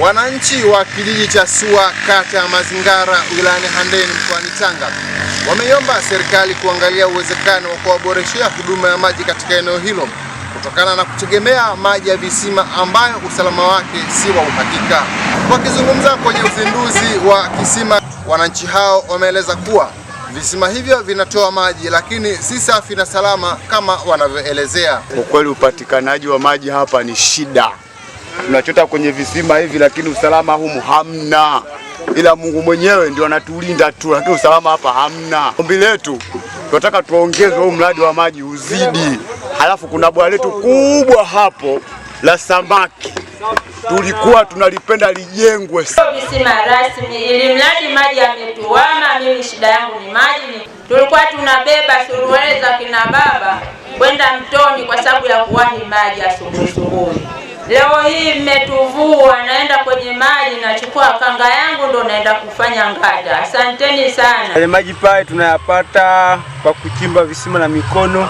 Wananchi wa kijiji cha Sua kata ya Mazingara wilayani Handeni mkoani Tanga wameiomba serikali kuangalia uwezekano wa kuwaboreshea huduma ya maji katika eneo hilo kutokana na kutegemea maji ya visima ambayo usalama wake si wa uhakika. Wakizungumza kwenye uzinduzi wa kisima, wananchi hao wameeleza kuwa visima hivyo vinatoa maji lakini si safi na salama kama wanavyoelezea. kweli upatikanaji wa maji hapa ni shida tunachota kwenye visima hivi, lakini usalama humu hamna, ila Mungu mwenyewe ndio anatulinda tu, lakini usalama hapa hamna. Ombi letu tunataka tuongezwe huu mradi wa maji uzidi, halafu kuna bwawa letu kubwa hapo la samaki tulikuwa tunalipenda lijengwe visima rasmi, ili mradi maji yametuama. Mimi shida yangu ni maji. Tulikuwa tunabeba suruali za kina baba kwenda mtoni kwa sababu ya kuwahi maji asubuhi asubuhi. Leo hii mmetuvua, naenda kwenye maji, nachukua kanga yangu ndo naenda kufanya ngada. Asanteni sana. Ile maji pale tunayapata kwa kuchimba visima na mikono.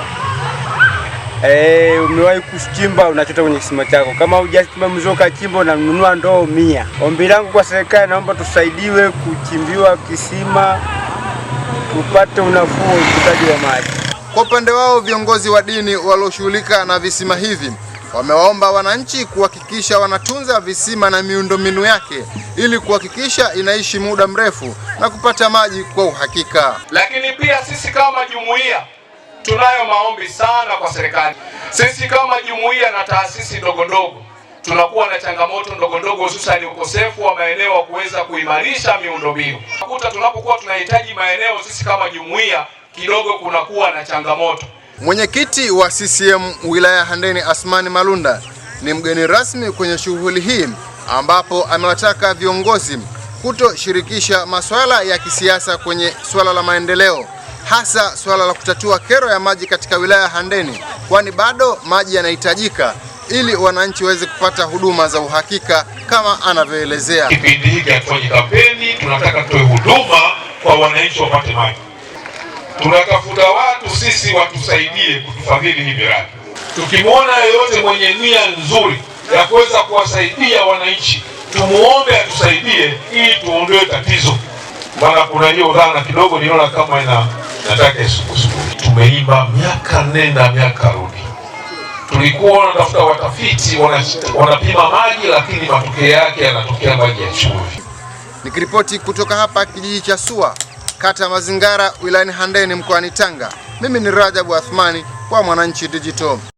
E, umewahi kuchimba unachota kwenye kisima chako, kama hujachimba mzio kachimba, unanunua ndoo mia. Ombi langu kwa serikali, naomba tusaidiwe kuchimbiwa kisima tupate unafuu utaji wa maji. Kwa upande wao viongozi wa dini walioshughulika na visima hivi Wamewaomba wananchi kuhakikisha wanatunza visima na miundombinu yake ili kuhakikisha inaishi muda mrefu na kupata maji kwa uhakika. Lakini pia sisi kama jumuiya tunayo maombi sana kwa serikali. Sisi kama jumuiya na taasisi ndogondogo tunakuwa na changamoto ndogo ndogo, hususani ukosefu wa maeneo wa kuweza kuimarisha miundombinu. Tunakuta tunapokuwa tunahitaji maeneo sisi kama jumuiya, kidogo kunakuwa na changamoto. Mwenyekiti wa CCM wilaya Handeni Asmani Malunda ni mgeni rasmi kwenye shughuli hii ambapo amewataka viongozi kutoshirikisha masuala ya kisiasa kwenye suala la maendeleo hasa suala la kutatua kero ya maji katika wilaya Handeni, kwani bado maji yanahitajika ili wananchi waweze kupata huduma za uhakika kama anavyoelezea. Kipindi hiki hatufanye kampeni, tunataka tutoe huduma kwa wananchi wapate maji, tunatafuta watu sisi watusaidie kutufadhili hii miradi. Tukimwona yeyote mwenye nia nzuri ya kuweza kuwasaidia wananchi, tumuombe atusaidie ili tuondoe tatizo, maana kuna hiyo dhana kidogo niona kama ina nataka isukusuku. Tumeimba miaka nenda miaka rudi, tulikuwa wanatafuta watafiti wanapima maji, lakini matokeo yake yanatokea maji ya chumvi. Nikiripoti kutoka hapa kijiji cha Sua, kata ya Mazingara, wilayani Handeni, mkoani Tanga. Mimi ni Rajabu Athmani wa Mwananchi Digital.